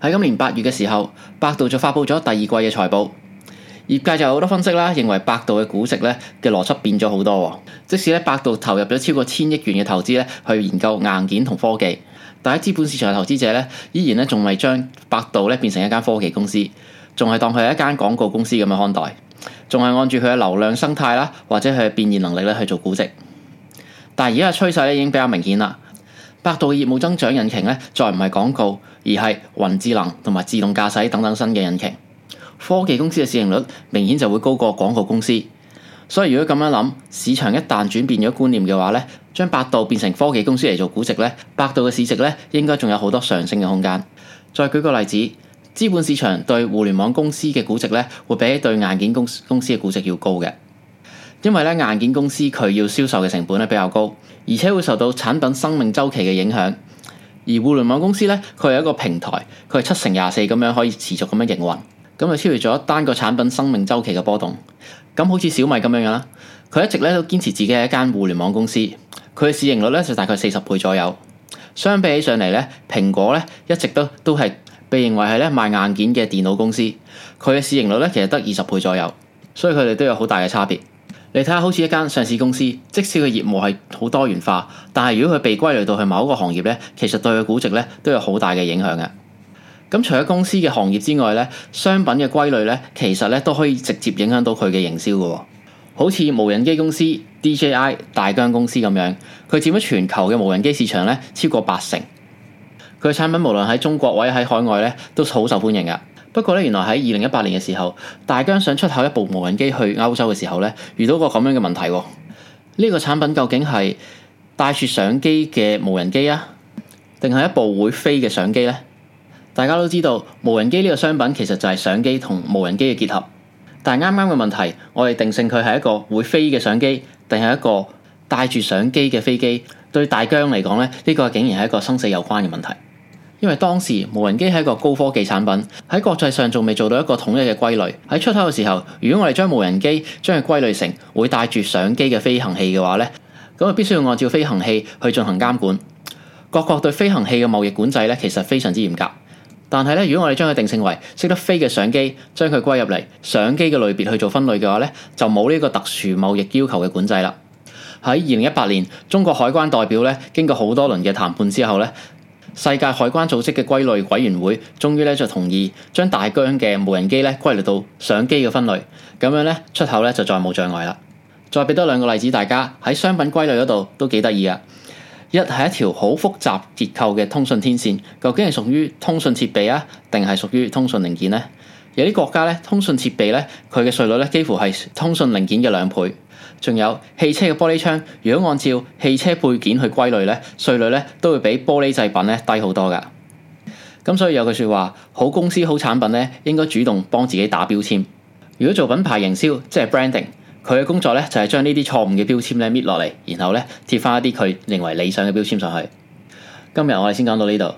喺今年八月嘅時候，百度就發布咗第二季嘅財報，業界就好多分析啦，認為百度嘅估值咧嘅邏輯變咗好多。即使咧百度投入咗超過千億元嘅投資咧去研究硬件同科技，但係資本市場嘅投資者咧依然咧仲未將百度咧變成一間科技公司，仲係當佢係一間廣告公司咁樣看待，仲係按住佢嘅流量生態啦，或者佢嘅變現能力咧去做估值。但係而家嘅趨勢咧已經比較明顯啦。百度嘅業務增長引擎咧，再唔係廣告，而係雲智能同埋自動駕駛等等新嘅引擎。科技公司嘅市盈率明顯就會高過廣告公司，所以如果咁樣諗，市場一旦轉變咗觀念嘅話咧，將百度變成科技公司嚟做估值咧，百度嘅市值咧應該仲有好多上升嘅空間。再舉個例子，資本市場對互聯網公司嘅估值咧，會比對硬件公公司嘅估值要高嘅。因為咧，硬件公司佢要銷售嘅成本咧比較高，而且會受到產品生命周期嘅影響。而互聯網公司咧，佢係一個平台，佢係七成廿四咁樣可以持續咁樣營運，咁就超越咗一單個產品生命周期嘅波動。咁好似小米咁樣啦，佢一直咧都堅持自己係一間互聯網公司，佢嘅市盈率咧就大概四十倍左右。相比起上嚟咧，蘋果咧一直都都係被認為係咧賣硬件嘅電腦公司，佢嘅市盈率咧其實得二十倍左右，所以佢哋都有好大嘅差別。你睇下，好似一間上市公司，即使佢業務係好多元化，但係如果佢被歸類到去某一個行業咧，其實對佢估值咧都有好大嘅影響嘅。咁除咗公司嘅行業之外咧，商品嘅歸類咧，其實咧都可以直接影響到佢嘅營銷嘅。好似無人機公司 DJI 大疆公司咁樣，佢佔咗全球嘅無人機市場咧超過八成，佢嘅產品無論喺中國或者喺海外咧都好受歡迎嘅。不過咧，原來喺二零一八年嘅時候，大疆想出口一部無人機去歐洲嘅時候咧，遇到個咁樣嘅問題。呢個產品究竟係帶住相機嘅無人機啊，定係一部會飛嘅相機呢？大家都知道，無人機呢個商品其實就係相機同無人機嘅結合。但係啱啱嘅問題，我哋定性佢係一個會飛嘅相機，定係一個帶住相機嘅飛機？對大疆嚟講咧，呢個竟然係一個生死有關嘅問題。因為當時無人機係一個高科技產品，喺國際上仲未做到一個統一嘅歸類。喺出口嘅時候，如果我哋將無人機將佢歸類成會帶住相機嘅飛行器嘅話咧，咁啊必須要按照飛行器去進行監管。各國對飛行器嘅貿易管制咧，其實非常之嚴格。但係咧，如果我哋將佢定性為識得飛嘅相機，將佢歸入嚟相機嘅類別去做分類嘅話咧，就冇呢個特殊貿易要求嘅管制啦。喺二零一八年，中國海關代表咧經過好多輪嘅談判之後咧。世界海關組織嘅歸類委員會終於咧就同意將大疆嘅無人機咧歸類到相機嘅分類，咁樣咧出口咧就再冇障礙啦。再俾多兩個例子，大家喺商品歸類嗰度都幾得意啊！一係一條好複雜結構嘅通訊天線，究竟係屬於通訊設備啊，定係屬於通訊零件呢？有啲國家咧通訊設備咧，佢嘅稅率咧幾乎係通訊零件嘅兩倍。仲有汽車嘅玻璃窗，如果按照汽車配件去歸類咧，稅率咧都會比玻璃製品咧低好多㗎。咁所以有句說話，好公司好產品咧，應該主動幫自己打標籤。如果做品牌營銷，即係 branding，佢嘅工作咧就係將呢啲錯誤嘅標籤咧搣落嚟，然後咧貼翻一啲佢認為理想嘅標籤上去。今日我哋先講到呢度。